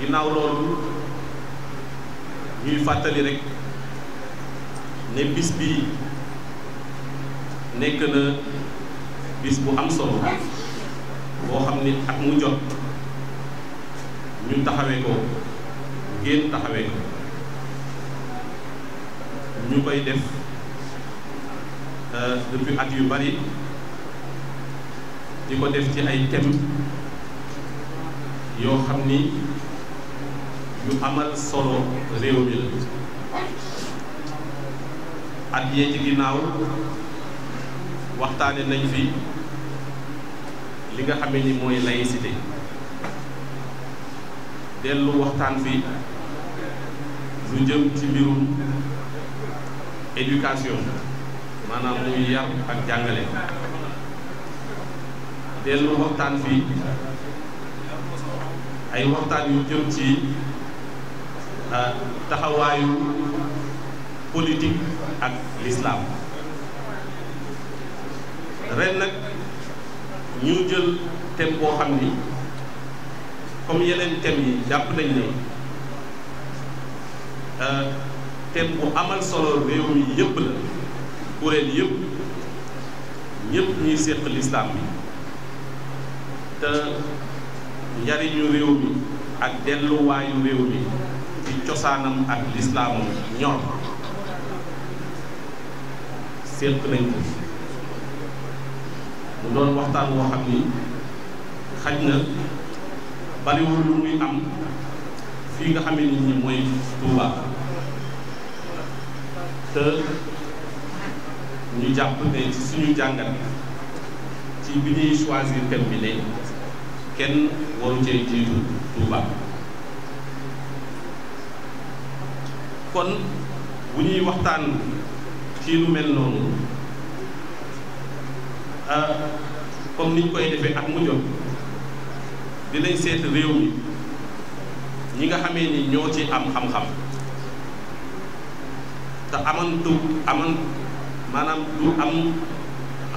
ginnaaw loolu ñuy fàttali rek ne bis bi nekk na bis bu am solo boo xam ni at mu jot ñu taxawee ko ngeen taxawee ko ñu koy def euh, depuis at yu bari di ko def ci ay thèmes yoo xam ni yu amal solo réew mi la at yee ci ginnaaw waxtaane nañ fi li nga xamee ni mooy laïcité dellu waxtaan fi lu jëm ci mbirum éducation maanaam muy yar ak jàngale dellu waxtaan fi ay waxtaan yu jëm ci Euh, taxawaayu politique ak l'islam ren nag ñu jël thème boo xam ni comme yeneen tem yi jàpp nañ ne euh, thème bu amal solo réew mi yëpp la kuréel yëpp ñëpp ñuy séq l'islam bi te njariñu réew mi ak delluwaayu réew mi ci cosaanam ak lislaamam ñor séq nañ ko mu doon waxtaan woo xam ni xaj na bariwul lu muy am fii nga xamee nit ñi mooy Touba te ñu jàpp ne ci suñu jàngat ci bi ñuy choisir thème bi ne kenn waru cee jiitu Touba kon bu ñuy waxtaan ci lu mel noonu ah, comme niñ koy defee ak mu jot dinañ seet réew mi ñi nga xamee ni ñoo ci am xam-xam te amantu aman maanaam du am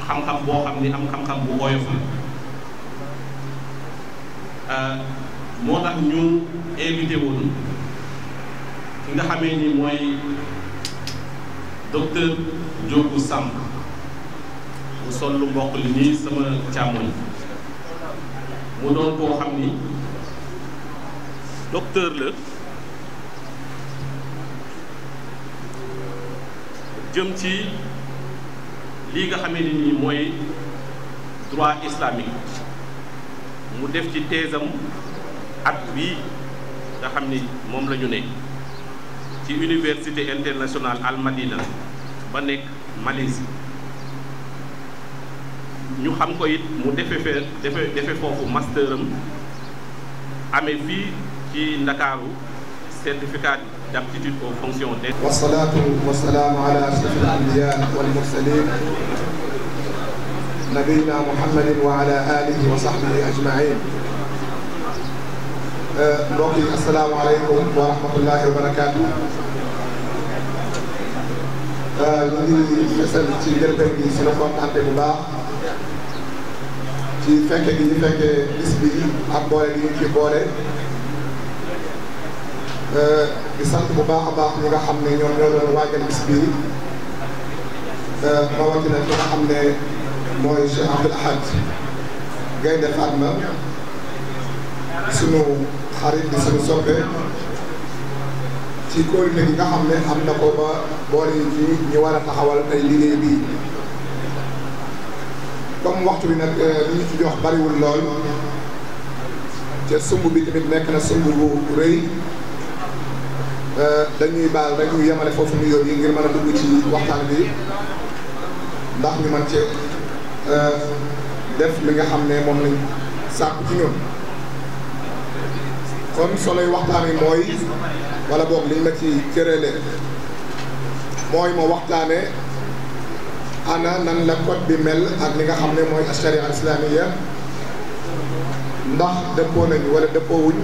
xam-xam boo xam ni am xam-xam bu oyof la ah, moo tax ñu invité woon ki nga xamee ni mooy docteur Ndiogou sàmm mu sol lu mbokk li nii sama càmmoñ mu doon koo xam ni docteur la jëm ci lii nga xame ni nii mooy droit islamique mu def ci thèse am at bii nga xam ni moom lañu ñu ne ci université internationale Al Madina ba nek Malaisie ñu xam ko it mu defe fé defe defe fofu masteram amé fi ci dakaru certificat d'aptitude aux fonctions d'aide. Wa salatu wa salam ala ashrafil anbiya wal mursalin nabiyina muhammadin wa ala alihi wa sahbihi ajmain مبروكي السلام عليكم ورحمة الله وبركاته لدي آه، فسل في قلبك دي سنفون عن تبباع في فنك دي فنك اسمي عبوالي دي في بولي آه، بسانت مباع عبا نيغا حمني نيون نيون نيون واجل اسمي آه، مواتنا في حمني موي شيخ عبد الأحد جاي دفعنا سنو xarit di suñu soppe ci kóolute gi nga xam ne xam na ko ba boole yi fii ñu war a taxawal tey liggéey bii comme waxtu bi nag euh, li ñu ci jox bariwul lool te sumb bi tamit nekk na sumb bu rëy euh, dañuy baal rek ñu yemale foofu ñu yóbbu ngir man a dugg ci waxtaan bi ndax ñu man ci euh, def li nga xam ne moom lañ sàkku ci ñoom. kon soloy waxtaan wi mooy wala boog liñ ma ci cërale mooy ma waxtaane ana nan la code bi mel ak li nga xam ne mooy asharia islamiya ndax dëppoo nañu wala dëppoowuñ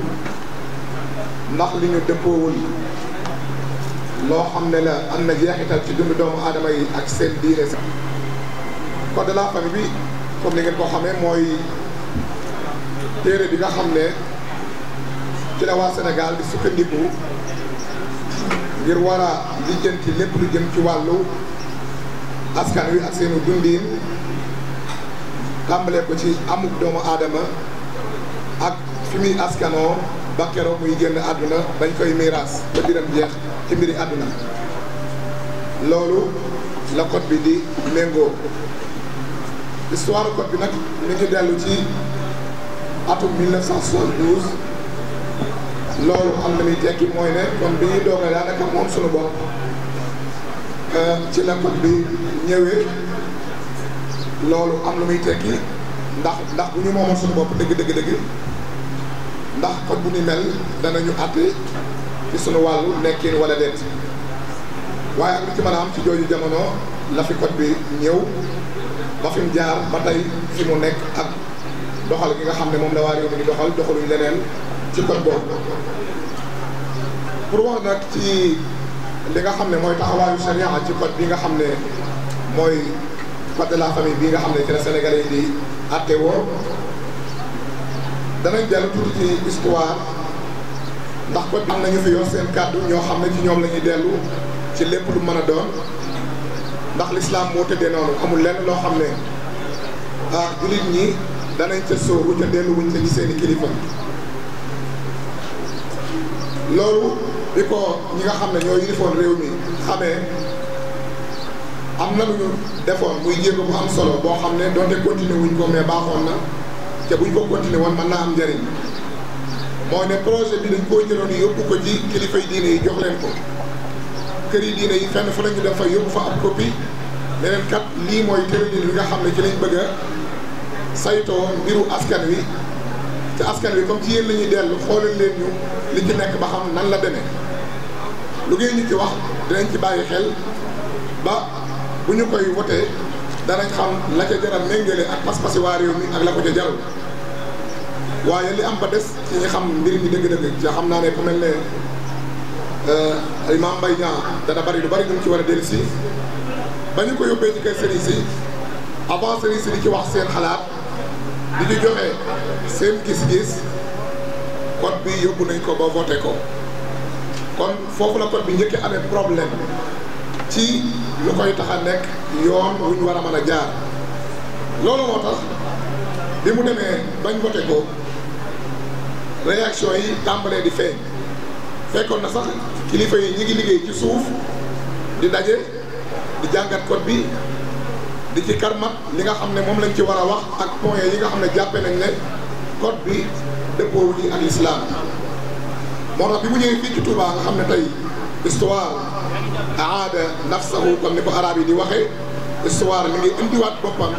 ndax li ñu dëppoowul loo xam ne la am na jeexital ci dundu doomu aadama yi ak seen diine sax code de la bi comme ni ngeen ko xamee mooy téere bi nga xam ne ci senegaal waa Sénégal di sukkandiku ngir war a lijjanti lépp lu jëm ci wàllu askan wi ak seenu dundin tàmbale ko ci amuk doomu aadama ak fi muy askanoo ba keroog muy génn àdduna bañ koy miiras ba diram jeex ci mbiri àdduna loolu la code bi di méngoo histoire code bi nag mi ngi dellu ci atum loolu am na muy tekki mooy ne kon bi ñuy doog a daanaka moom suñu bopp euh, ci la code bi ñëwee loolu am na muy tekki ndax ndax bu ñu moomoon suñu bopp dëgg dëgg dëgg ndax code bu ñu mel danañu àtte ci suñu wàllu nekkin wala déet waaye ak lu ci mën a am ci jooju jamono la fi code bi ñëw ba fi jaar ba tey fi mu nekk ak doxal gi nga xam ne moom la waa réew mi di doxal doxaluñ leneen. ci code boobu pour wax nag ci li nga xam ne mooy taxawaayu charia ci code bi nga xam ne mooy code de famille bi nga xam ne ci la Sénégalais yi di àtte woo danañ dellu tuuti ci histoire ndax code bi am nañu fi yor seen kàddu ñoo xam ne ci ñoom lañuy dellu ci lépp lu mën a doon ndax lislaam moo tëddee noonu amul lenn loo xam ne ah jullit ñi danañ ca sóobu ca delluwuñ ca ci seen i kilifa. loolu bi ko ñi nga xam ne ñoo yilifoon réew mi xamee am na lu ñu defoon muy jéego ko am solo boo xam ne donte continuer wuñ ko mais baaxoon na te buñ ko continuer woon man naa am njëriñ mooy ne projet bi dañ koo jëloon yóbbu ko ci kilifay diine yi jox leen ko kër yi diine yi fenn fu nañu def fa yóbbu fa ab copie leneen kat lii mooy tëralin bi nga xam ne ci lañ bëgg a saytoo mbiru askan wi ci askan wi comme ci yéen la ñuy dellu xoolal leen ñu li ci nekk ba xam nan la demee lu ngeen ñu ci wax dinañ ci bàyyi xel ba bu ñu koy wotee danañ xam la ca jaral méngale ak pas-pasi waa réew mi ak la ko ca jaral waaye li am ba des ci ñi xam mbir ñi dëgg-dëgg ca xam naa ne ku mel ne euh, Imam Mbaye Niang dana bari lu bari ñu ci war a dellu si ba ñu ko yóbbee ci kër sëriñ si avant sëriñ si di ci wax seen xalaat li ñu joxe seen gis-gis code bi yóbbu nañ ko ba voté ko kon foofu la code bi njëkki amee problème ci lu koy tax nekk yoon wu ñu war a mën a jaar loolu moo tax bi mu demee bañ voté ko réaction yi tàmbalee di feeñ fekkoon na sax kilifa yi ñu ngi liggéey ci suuf di daje di jàngat kot bi di ci karmat li nga xam ne moom lañu ci war a wax ak point yi nga xam ne jàppe nañ ne code bi dëppoowu ñi ak l'islam moo tax bi mu ñëwee fii ci Touba nga xam ne tey histoire aada nafsahu comme ni ko arab yi di waxee histoire mi ngi indiwaat boppam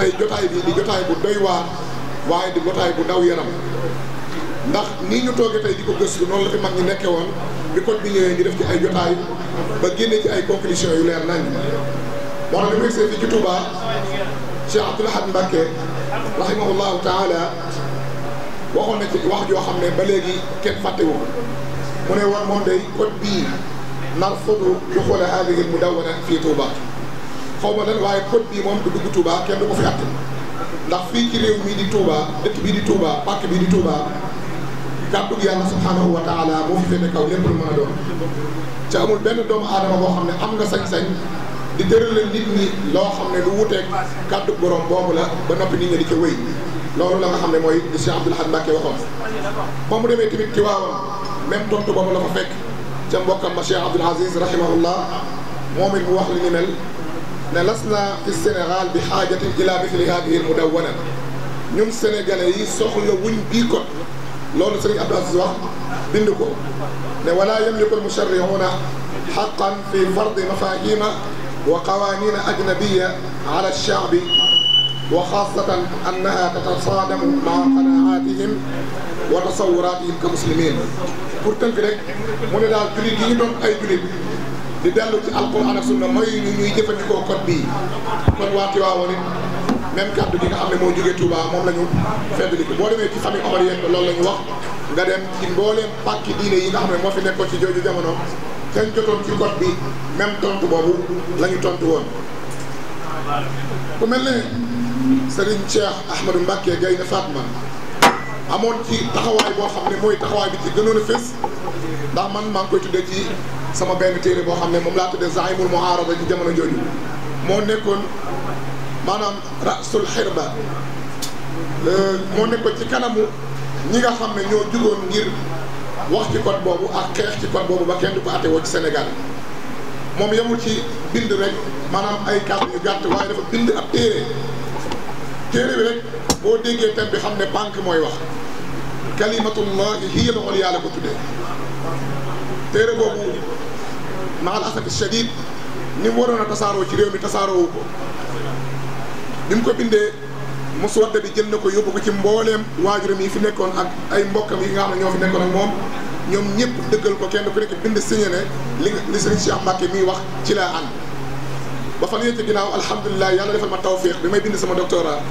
tey jotaay bi di jotaay bu doy waaye di jotaay bu daw yaram ndax nii ñu toogee tey di ko gëstu noonu la fi mag ñi nekkee woon bi code bi ñëwee ñu def ci ay jotaay ba génne ci ay conclusion yu leer nañ moo ne bi mu egsee fii ci Touba Cheikh Abdoul Ahad Mbacké rahimahullahu waxoon na ci wax joo xam ne ba léegi kenn fàttewu mu ne war moom day code bii narfudu duxuula haadihi al-mudawwana fii Touba xaw ma lan waaye code bii moom du dugg Touba kenn du ko fi àtt ndax fii ci réew mii di Touba dëkk bii di Touba pàkk bii di Touba kàddu gi yàlla subhaanahu wa taala moo fi féete kaw lépp lu a doon te amul benn doomu aadama boo xam ne am nga sañ-sañ di deureul nit ñi lo xamne lu wuté kàddu borom bobu la ba nopi nit ñi di ci wéy loolu la nga xamne moy mooy Cheikh Abdoul hadd Mbacké waxoon ba mu démé timit ci waawam même tontu bobu la fa fekk ci mbokam ma Cheikh Abdoul Aziz rahimahullah moom it mu wax li ni mel ne lasna fi Sénégal bi xaajatin ila mithli hadihi almudawana ñun sénégalais yi soxla wuñ bi ko loolu Serigne Abdoul Aziz wax bind ko ne wala yamliku al musharrihuna حقا في فرض مفاهيم وقوانين أجنبية على الشعب وخاصة أنها تتصادم مع قناعاتهم وتصوراتهم كمسلمين pour tënk rek mu ne daal jullit yi doon ay jullit di dellu ci alquran ak sunna mooy ñu ñuy jëfandikoo code bii kon waa Tiwaawoon it même kàddu gi nga xam ne moo jógee Touba moom la ñu feddali ko boo demee ci famille Omar yéen loolu la ñu wax nga dem ci mbooleem pàkki diine yi nga xam ne moo fi nekkoon ci jooju jamono kenn jotoon ci code bi même tontu boobu la ñu tontu woon ku mel ne Serigne Cheikh Ahmadou Mbacke Gaynde Fatma amoon ci taxawaay boo xam ne mooy taxawaay bi ci gënoon a fés ndax man maa ngi koy tuddee ci sama benn téere boo xam ne moom laa tuddee Zaimul Muharaba ci jamono jooju moo nekkoon maanaam rasul xirba moo nekkoon ci kanamu ñi nga xam ne ñoo jugoon ngir wax ci code boobu ak xeex ci code boobu ba kenn du ko woo ci senegal moom yemul ci bind rek maanaam ay kàddu yu gàtt waaye dafa bind ak téere téere bi rek boo déggee thème bi xam ne banque mooy wax kalimatullahi hiya loxol yàlla ko tuddee téere boobu maal asafi shadid ni waroon a tasaaroo ci réew mi tasaaroowu ko ni mu ko bindee muswadda bi jën na ko yóbbu ko ci mbooleem waajuram yi fi nekkoon ak ay mbokkam yi nga xam ne ñoo fi nekkoon ak moom ñom ñëpp deugal ko kenn ku nekk bind signé ne li nga li sëriñ Cheikh Mbacke mi wax ci la ànd ba fa ñëté ginaaw alhamdullilah yàlla defal ma tawfiq bi may bind sama doctorat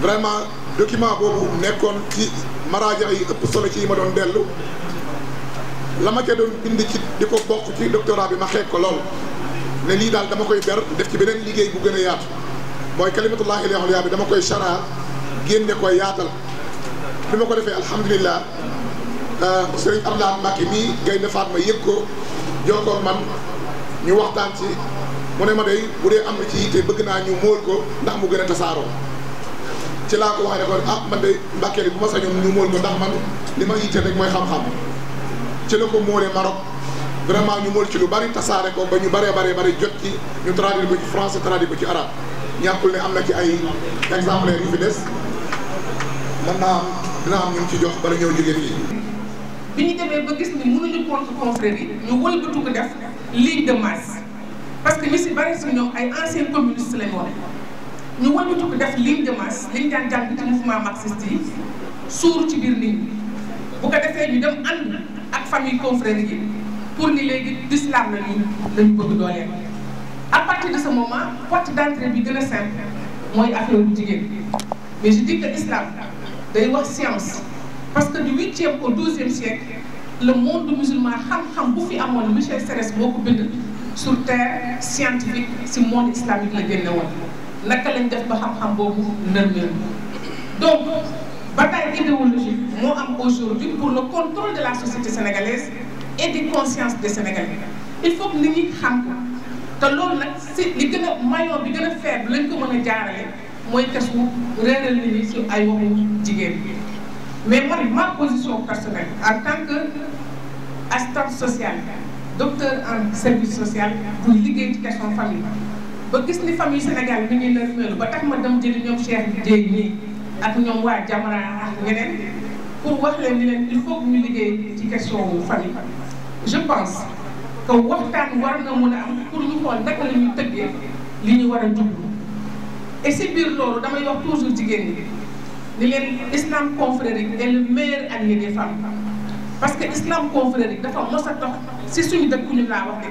vraiment document bobu nekkon ci maraja yi ëpp solo ci ma doon delu lama ca doon bind ci diko bokk ci doctorat bi ma xeeb ko lool ne li dal dama koy ber def ci benen liggéey bu gëna yaatu moy kalimatullah ilahul yaa bi dama koy shara génne ko yaatal bima ko defé alhamdullilah Euh, sëriñ Abdoulaye Mbacke mii Gaynde ma yëg ko jokkoo man ñu waxtaan ci mu ne ma day bu dee am na ci yitte bëgg naa ñu móol ko ndax mu gën a tasaaroo ci laa ko waxee ne kon ah man de Mbacke bu ma sañoon ñu móol ko ndax man li ma yitte rek mooy xam-xam ci la ko móolee Maroc vraiment ñu móol ci lu bari tasaare ko ba ñu baree baree bari jot ci ñu traduire ko ci français traduire ko ci arabe ñàkkul ne am na ci ay exemplaires yu fi des mën naa am dina am ci jox bala ñëw jógee fii bi ñu demee ba gis ni mënuñu contre confrères yi ñu wël wëlbatu ko def ligne de masse parce que ñu si bari si ñoom ay anciens communistes lañ woon ñu wël wëlbatu ko def ligne de masse liñ daan jàng ci mouvement marxiste yi suur ci biir nit bu ko defee ñu dem ànd ak famille confrères yi pour ni léegi l'islam la ñu la bëgg dooleel à partir de ce moment porte d'entrée bi gën a simple mooy affaire bu jigéen mais je dis que islam day wax science parce que du 8 8e au 12 12e siècle le monde musulman xam-xam bu fi amoon Michel Serres moo bind sur terre scientifique si monde islamique la génne woon naka lañ def ba xam-xam boobu donc bataille idéologique moo am aujourd'hui pour le contrôle de la société sénégalaise et des consciences des Sénégalais il faut que nit ñi xam ko te loolu nag si li gën a bi gën a faible lañ ko mën a jaarale mooy kasu réeral nit ñi sur ay waxu mais moi, ma position personnelle, en tant qu'assistante sociale, docteur en service social, pour l'éducation familiale, famille. que les familles famille Sénégal les ba tax ma Madame familles Cheikh pour wax il faut que nous ci je pense que war na pour nous voir, la nous li a et toujours dit que di leen islam confrérique est le meilleur allié des parce que islam confrérique dafa mos a tax si suñu dëkku ñu laa wax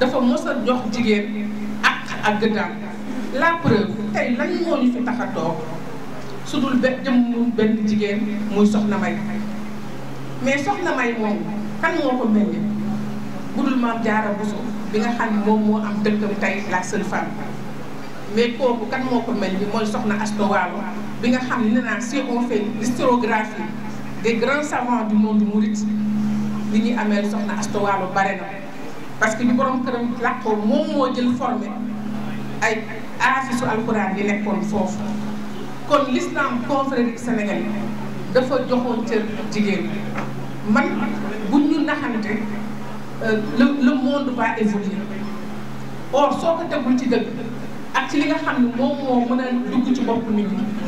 dafa mos jox jigéen ak ak gëddaam la preuve tey lan moo ñu fi tax toog su dul benn jëmm benn jigéen muy soxna may mais soxna may moom kan moo ko meññ bu dul maam jaara buso bi nga xam ne moom moo am dëkkam tey la seule femme mais kooku kan moo ko meññ mooy soxna Asto bi nga xam ne naan si on fait l'historiographie des grands savants du monde mouride li ñuy amee soxna Astou Walo bare na parce que bi borom këram làqoo moom moo jël formé ay aafisu alxuraan yi nekkoon foofu kon l'islam confrérique Sénégal dafa joxoon cër jigéen man bu ñu naxante euh, le le monde va évoluer or soo ko tegul ci dëgg ak ci li nga xam ne moom moo mën a dugg ci bopp nit ñi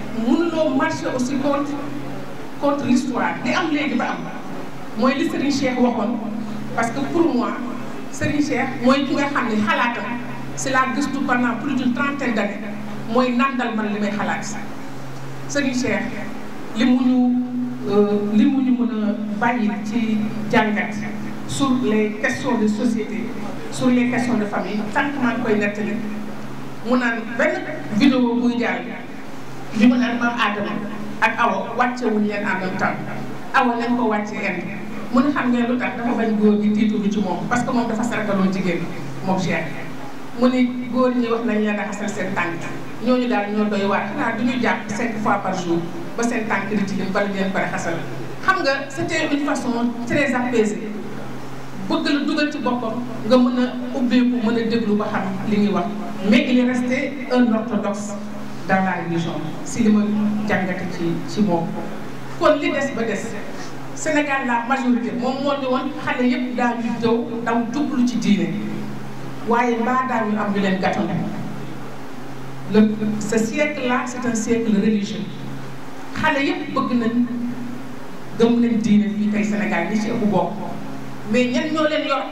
mënuloo marché aussi contre contre l'histoire di am léegi ba am mooy li Serigne Cheikh waxoon parce que pour moi Serigne Cheikh mooy ki nga xam ne xalaatam si laa gëstu pendant plus d'une trentaine années mooy nandal man li may xalaat sax Serigne Cheikh li mu ñu euh, li mu ñu mën a bàyyi ci jàngat sur les questions de société sur les questions de famille tant que maa ngi koy nettali mu naan benn vidéo buy jàll li ma naan maam Adama ak awo wàccewuñ leen en même awo Awa ko wàcce ren mu ne xam ngeen lu tax dafa bañ góor ñi tiitulu ci moom parce que moom dafa sarakaloon jigéen moom Cheikh mu ni góor ñi wax nañ leen a xasal seen tànk ñooñu daal ñoo doy waar xanaa du ñu jàpp cinq fois par jour ba seen tànk di ci leen bari leen bari xam nga c'était une façon très apaisée bëgg la dugal ci boppam nga mën a ubbeeku mën a déglu ba xam li ñuy wax mais il est resté un orthodoxe dans la religion si li ma jàngate ci ci moom kon li dess ba dess Sénégal la majorité mom mo di won xale yépp da ñu daw daw jublu ci diiné waye ba da ñu am ñu leen gàttanu le ce siècle là c'est un siècle religieux xale yépp bëgg nañ gëm nañ diiné fii tay Sénégal ni ci ëpp bok mais ñan ñoo leen yor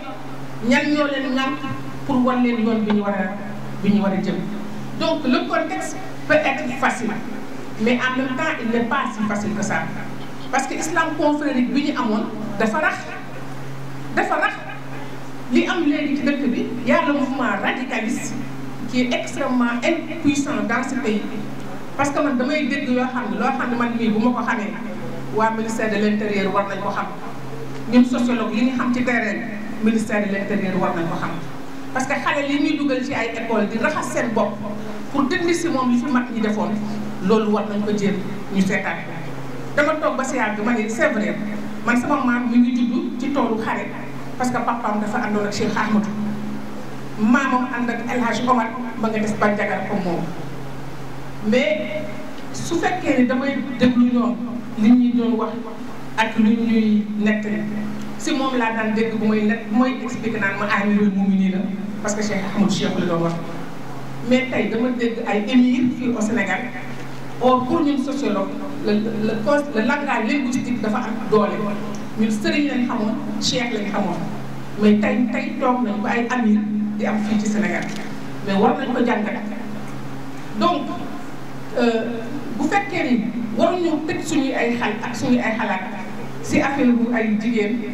ñan ñoo leen ŋànk pour won leen yoon bi ñu war a bi ñu war jëm donc le contexte peut être facile mais en même temps il n'est pas si facile que ça parce que l'islam confrérique bi Bini Amon, dafa rax dafa rax li am léegi ci Il y a le mouvement radicaliste qui est extrêmement impuissant dans ce pays parce que man damay dégg yoo xam ne loo xam ne man ko ministère de l'Intérieur ou war nañ ko xam ñun sociologue yi xam ci terrain ministère de l'Intérieur ou war nañ parce que xale li ñuy dugal ci ay école di raxas seen bopp pour dindi si moom li fi mag ñi defoon loolu war nañ ko jéem ñu seetaat dama toog ba si yàgg ma ne c'est vrai man sama maam mi ngi judd ci toolu xare parce que papaam dafa àndoon ak Cheikh Ahmadou maamam ànd ak El Hadj Omar ba nga des ba jagar ko moom mais su fekkee ni damay déglu ñoom li ñuy doon wax ak lu ñuy nettali si moom laa daan dégg bu may nekk bu may expliqué naan ma Amir yooyu moomu nii la parce que Cheikh Ahmadou Cheikh la doon mais tey dama dégg ay émir fii au Sénégal or pour ñun sociologue le le cos le langage linguistique dafa am doole ñun sëriñ lañ xamoon Cheikh lañ xamoon mais tey tey toog nañ ba ay amir di am fii ci Sénégal mais war nañ ko jàngat donc euh, bu fekkee ni waruñu tëj suñuy ay xal ak suñuy ay xalaat si affaire bu ay jigéen.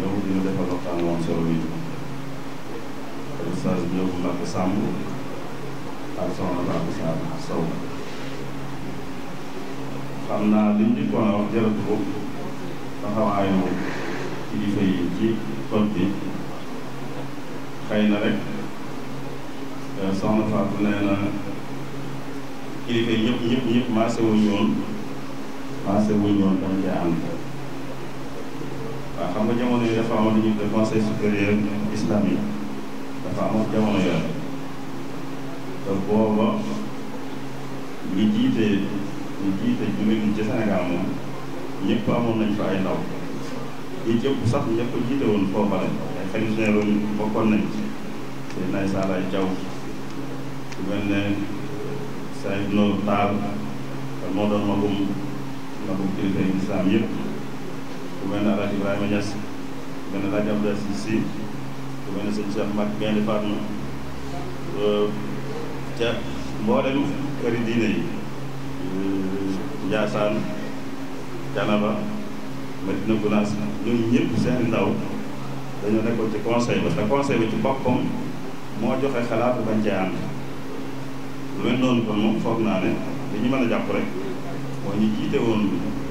yow di ñu defal waxtaan woon solo bi oustaz bi yóbbu Mbacke Samb ak soxna Mbacke Samb Sow xam naa liñ njëkkoon a wax jaratu ko taxawaayu kilifa yi ci code bi xëy na rek euh, soxna Fatou nee na kilifa yi ñëpp ñëpp ñëpp maase wuñu woon maase wuñu woon dama cee ànd waaw xam nga jamono yi dafa amoon lu ñuy def conseil supérieur islamique dafa amoon jamono yooyu te booba ñi jiite ñi jiite jullit ñi ci Sénégal moom ñëpp amoon nañ fa ay ndaw ñi jëpp sax ñëpp ko jiite woon foofa lañ ay fonctionnaire woon bokkoon nañ ci seen nay Saalaay Jaw su mel ne Saïd Nour Tall moo doon magum magum kilifa islam yëpp ku mel ne El Hadj Ibrahima Niass ku mel ne El Hadj Abdoulaye Cissé ku mel Mag Gaynde Fatma euh, ca mboolem këri diine yi euh, Njaasaan Canaba Madina Gunaas ñoom ñëpp seen ndaw dañoo nekkoon ci conseil ba te conseil ba ci boppam moo joxe xalaat bu bañ lu mel noonu kon moom foog naa ne li ñu mën a jàpp rek moo ñu jiite woon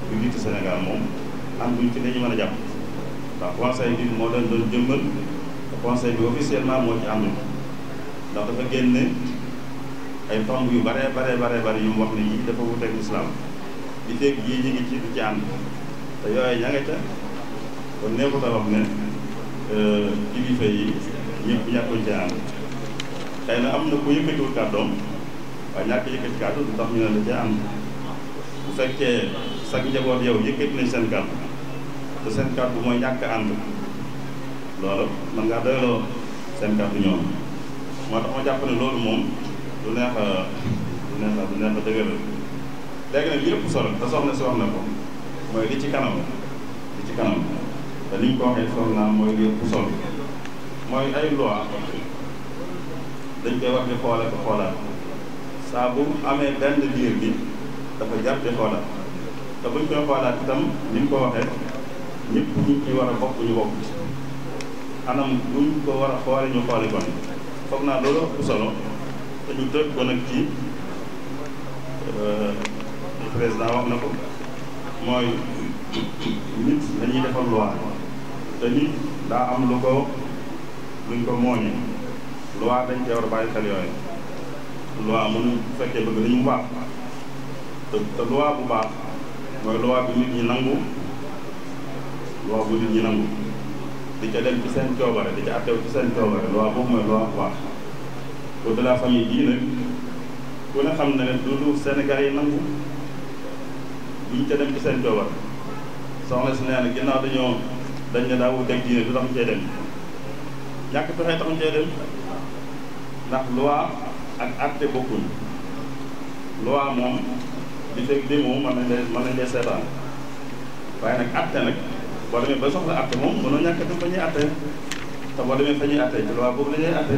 bu jiite Sénégal moom am buñ ci dañu mën a jàpp ndax conseil bi moo doon doon jëmbal ndax dafa génne yu bare bare bare bare yu mu wax ne te yooyu ña nga ca kon neexut a wax euh, na am na ku yëkkatiwul kàddoom waaye ñàkk yëkkati kàddu du tax ñu ne da cee ànd bu fekkee sag njaboot yow yëkkati nañ seen kàddu te seen kàddu mooy ñàkk ànd loolu man ngaa doyloo seen kàddu ñoom moo tax ma jàpp ne loolu moom lu neex a du neex a du neex a dëgëral yëpp solo te soxna si wax na ko mooy li ci kanam li ci kanam te ni mooy li yëpp solo mooy ay loi dañ koy wax di xoole xoolaat saa bu amee benn diir gi dafa jàpp di xoolaat te buñ koy xoolaat itam ni ñu ko waxee ñëpp ñu ci war a bokk ñu bokk ci anam ko war a xoole ñu xooli ko ni foog naa loolu ëpp solo te ñu ko nag ci euh, président wax na ko mooy nit dañuy defal loi te nit daa am lu ko luñ ko mooñe loi dañ cee war a bàyyi xel yooyu loi fekkee bëgg li ñu baax te te bu baax mooy loi bi nit ñi nangu loi bu ñi nangu di ca dem ci seen coobare di ca attew ci seen coobare loi boobu mooy loi bu baax code la famille bii nag ku ne xam na ne du lu Sénégal yi nangu duñ ca dem ci seen coobare soxna si nee na ginnaaw dañoo dañ ne daa wuteeg diine du tax ñu cay dem ñàkk pexe tax ñu cay dem ndax loi ak acte bokkuñ loi moom di fekk démo mën nañ de mën nañ seetaan waaye nag acte nag boo demee ba soxla atte moom mënoo ñàkk dem fa ñuy atte te boo demee fa ñuy atte te boobu la ñuy atte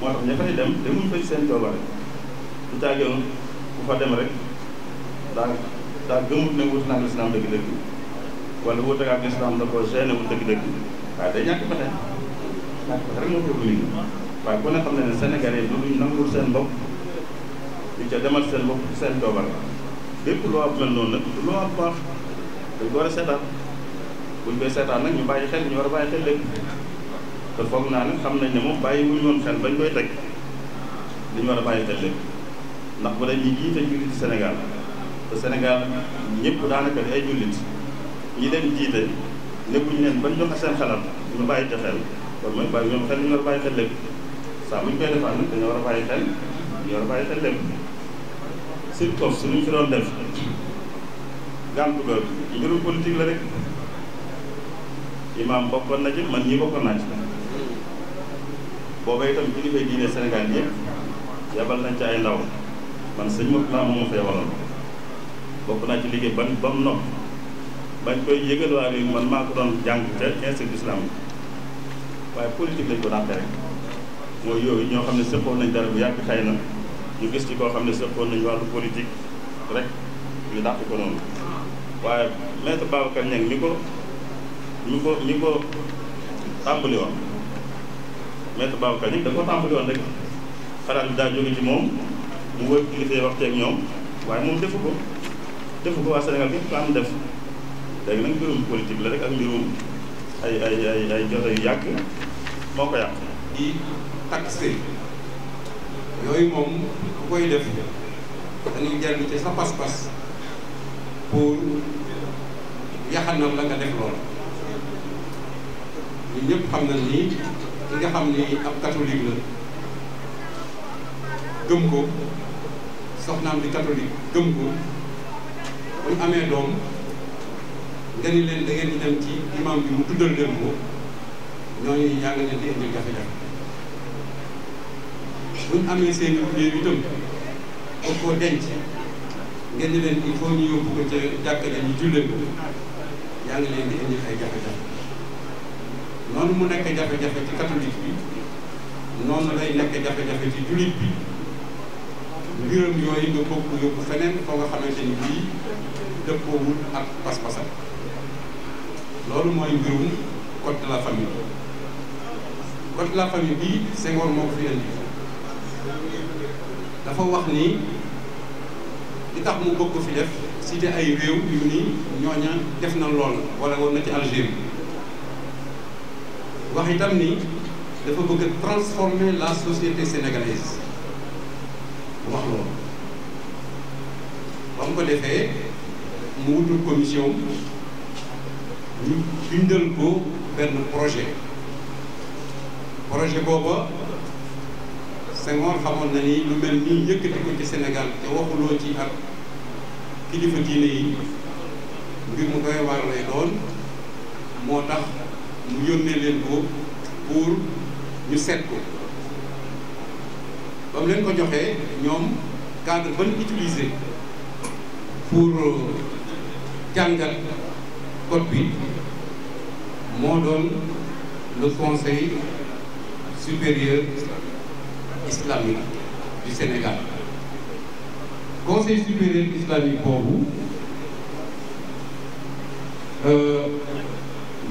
moo tax ña fay dem demuñ fa seen coobare du caageenu ku fa dem rek daa daa gëmut ne wut naa wala wut ak lislaam da ko gêné wut dëgg-dëgg waaye day ñàkk ne xam ne ne Sénégalais yi seen bopp di ca demal seen bopp seen coobare bépp loo bu mel noonu nag du baax dañ ko war a seetaat buñ koy seetaan nag ñu bàyyi xel ñu war a bàyyi xel lépp te foog naa ne xam nañ ne moom bàyyi bañ koy teg dañu war a bàyyi xel lépp ndax bu dee ñi jiite jullit ci Sénégal te Sénégal ay jullit ñi leen jiite nekkuñu leen bañ joxe seen xalaat ñu bàyyi ci mooy bàyyi ñoom xel ñu war a bàyyi a bàyyi xel ñu war a bàyyi xel lépp su ñu fi doon def gàntu ga mbirum politique la rek imaam bokkoon na ci man ñi bokkoon naa ci booba itam kilifa diine Sénégal yëpp yabal nañ ci ay ndaw man sëñ Murtala moom fa yabaloon bokk naa ci liggéey ban ba mu nopp bañ koy yëgal waa réew man maa ko doon jàng ca institut islam waaye politique lañ ko dàqee rek mooy yooyu ñoo xam ne sëqoon nañ dara bu yàgg xay na ñu gis ci koo xam ne sëqoon nañ wàllu politique rek ñu dàq ko noonu waaye maître Babacar Niang mi ko ñu ko ñu ko tàmbali woon maître Babacar ñi da ko tàmbali woon rek xalaat bi daal jóge ci moom mu wër kilifee waxtee ak ñoom waaye moom defu ko defu ko waa Sénégal képp ko am def léegi nag mbirum politique la rek ak mbirum ay ay ay ay jote yu yàgg moo koy def dañuy jàng ci sa pas-pas pour yaxanal la nga def loolu ñun ñëpp xam nañ ni ki nga xam ni ab catholique la gëm ko soxnaam di catholique gëm ko buñ amee doom nga ni leen da ngeen di dem ci imam bi mu tuddal leen ko ñooñu yaa ngi leen di indil jafe-jafe buñ amee seen i itam pour koo denc ngeen ni leen il faut ñu yóbbu ko ca jàkka ja ñu jullee leen di indil noonu mu nekk jafe-jafe ci catholique bi noonu lay nekk jafe-jafe ci jullit bi mbiram yooyu nga bëgg yóbbu feneen foo nga xamante ni bii dëppoowul ak pas-pasam loolu mooy mbirum code de la famille code la famille bii Senghor moo fi indi dafa wax ni li tax mu bëgg ko fi def cité ay réew yu ni ñooña def na lool walla war na ci Algérie Il faut transformer la société sénégalaise wax loolu ba commission ñu bindal ko benn projet projet booba moi xamoon na ni lu mel ko Sénégal te waxuloo ci kilifa yi mu nous sommes les pour nous servir. Comme nous avons leen nous avons cadre ban utilisé pour euh, jàngal code bi le conseil supérieur islamique du Sénégal conseil supérieur islamique pour vous, euh,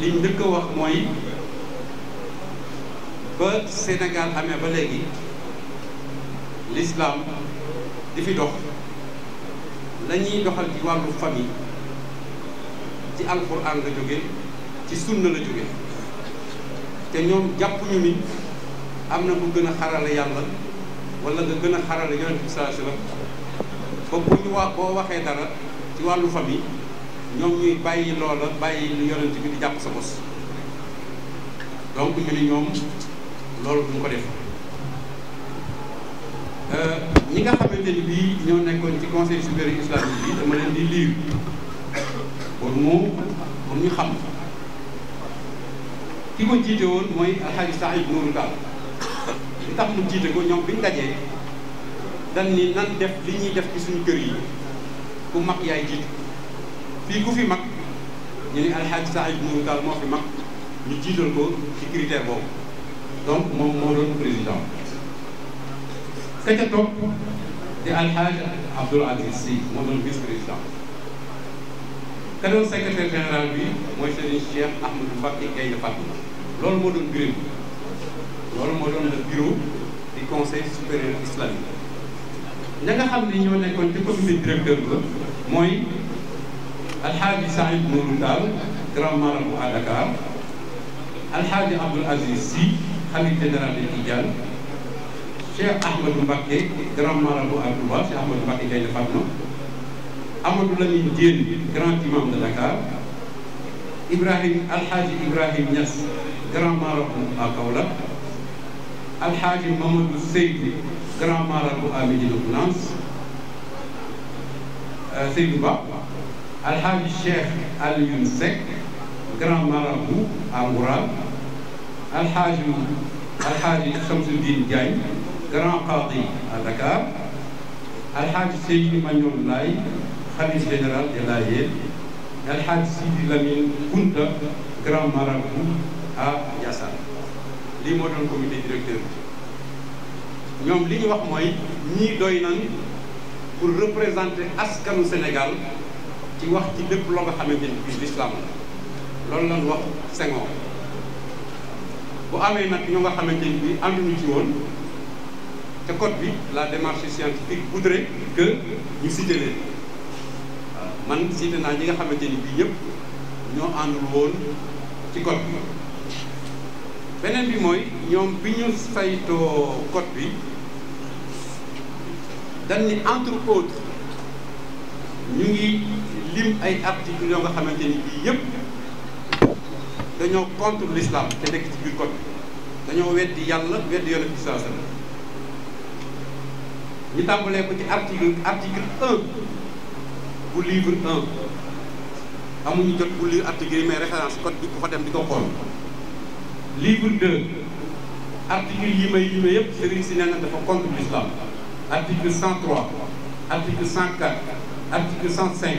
liñ njëkk a wax mooy ba Sénégal amee ba léegi l'islam di fi dox la ñuy doxal ci wàllu famille ci alquran la jóge ci sunna la jóge te ñoom jàppuñu mi am na ku gën a xarale yàlla wala nga gën a xarale yonent bi sallallahu alayhi wasallam ñu wax boo waxee dara ci wàllu famille ñoom ñuy bàyyi loola bàyyi lu yonent bi di jàpp sa bos donc ñu ni ñoom loolu duñ ko def euh, ñi nga xamante ni bii ñoo nekkoon ci conseil supérieur islamique bi dama leen di liir pour mu xam ki ko jiite woon mooy alxaaji Saïd Nourou Tall li tax ko ñoom biñ dajee dañ ni nan def li ñuy def ci kër yi ku mag yaay jiite fii ku fi mag ñu ni alxaaji Saïd Nourou Tall moo fi mag ñu jiital ko ci critère boobu donc moom moo doon président ka ca topp di alxaaji Abdoul Aziz Sy moo doon vice président ka doon secrétaire général bi mooy Serigne Cheikh Ahmadou Mbacké Gaïndé Fatma loolu moo doon bureau loolu moo doon le bureau du conseil supérieur islamique ña nga xam ne ñoo nekkoon ci comité directeur ba mooy Alxaaji Saïd Nourou Tall grand marabout à Dakar Alxaaji Abdoul Aziz Sy xalif général des Tidianes Cheikh Ahmadou Mbacké grand marabout à Touba Cheikh Ahmadou Mbacké Gaïndé Fatma Amadou Lamine Diène grand imam de Dakar Ibrahim Alxaaji Ibrahim Niass grand marabout à Kaolack Alxaaji Mamadou Seydou grand marabout à Médina Gounass Seydou Ba Alhaji Cheikh Alioune Seck grand marabout à Mourane Alhaji Alhaji Shamsuddin Diagne grand qadi à Dakar Alhaji Seydi Magnol Laye khalife général des Layènes Alhaji Sidi Lamine Kounta grand marabout à Yassar lii moo doon comité directeur bi ñoom li ñu wax mooy ñii doy nañ pour représenter askanu Sénégal ci wax ci lépp loo nga xamante ni bi lislaam la loolu lañ wax Senghor bu amee nag ñoo nga xamante ni bi ànduñu ci woon ca code bi la démarche scientifique voudrait que ñu cité waaw man cité naa ñi nga xamante ni bii yëpp ñoo àndul woon ci code bi beneen bi mooy ñoom bi ñu saytoo code bi dañ ni entre autres ñu ngi lim ay article yoo nga xamante ni bii yëpp dañoo contre l'islam te nekk ci biir code dañoo weddi yàlla weddi yonent bi sallallahu alayhi wasallam ñu tàmbalee ko ci article article un bu livre un amuñu jot bu lire article yi mais référence code bi dem di ko xool livre deux article yi may yi may yëpp sëriñ si nee na dafa contre l'islam article cent trois article cent quatre article cent cinq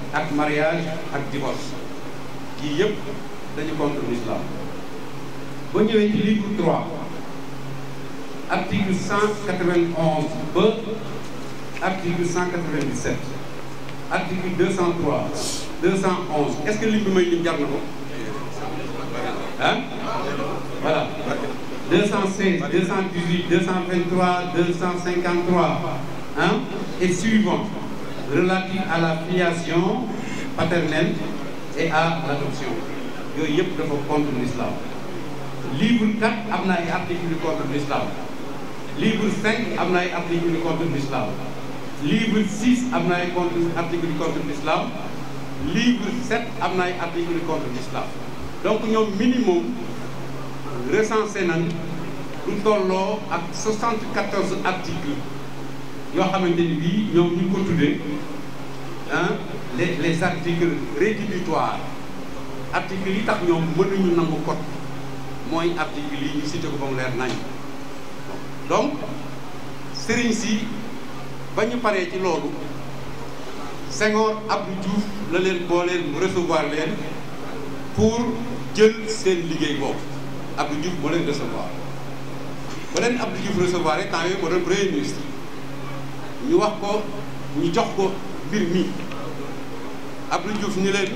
acte mariage acte divorce c'est du dañu de l'islam ba ñëwee ci livre 3 article 191 article 197 article 203 211 est-ce que le livre may lim jar hein? voilà 216 218 223 253 hein et suivant relatif à la filiation paternelle et à l'adoption Yoyep un dafa contre l'islam livre 4 il y ay contre l'islam livre 5 il y ay contre l'islam livre 6 il y ay contre article contre l'islam livre 7 il y articles contre l'islam donc avons minimum recensé nañ 74 articles Nous avons ni bii nous ñu ko hein, les, les articles rédhibitoires articles yi tax ñoom mënuñu nangu code moy article yi ñu cité ko bam leer nañ donc serigne si bañu paré ci lolu Senghor Abdou Diouf la leen booleel mu recevoir leen pour jël seen liggéey boobu Abdou Diouf mo leen recevoir ba leen Abdou Diouf recevoir temps yooyu mo doon premier ministre ñu wax ko ñu jox ko mbir ab Abdou Diouf ñu leen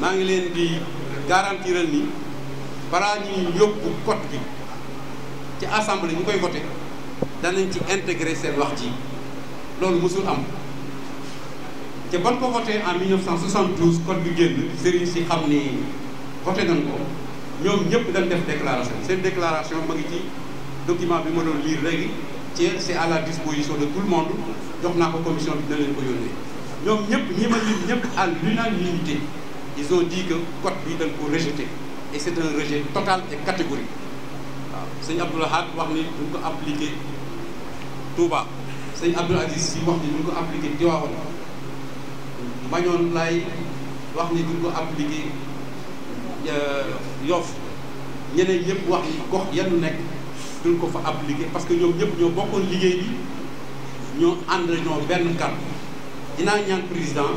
maa ngi leen di garantiral ni baraa ñuy yóbbu code bi ci assemblée ñu koy voté danañ ci intégré seen wax ji loolu mësul am te ban ko voté en 1972 code bi génn sëriñ si xam ni voté nañ ko ñoom ñëpp dañ def déclaration seen déclaration ma ngi ci document bi ma doon lire léegi ci c'est à la disposition de tout le monde jox naa ko commission bi dina leen ko yónnee. ñoom ñëpp ñi ma lim ñëpp à l'unanimité ils ont dit que code bi dañ ko rejeter et c'est un rejet total et catégorique waaw sëñ Abdoul wax ni ñu ko appliquer Touba sëñ Abdoul Aziz si wax ni ñu ko appliqué Tivaouane Mañon lay wax ni ñu ko appliquer euh Yoff ñeneen ñëpp wax ni gox yanu nek duñ ko fa appliquer parce que ñom ñëpp ñoo bokkoon liguey bi ñoo ànd ñoo benn kàddu dinaa ñaan président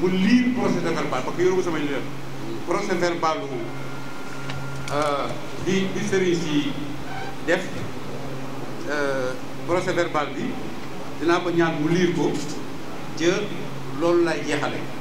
mu lire procès verbal parce que yoruma samay lire procès verbal euh, bi bi sëriñ si def euh, procès verbal bi dinaa ko ñaan mu lire ko jë loolu lay jeexale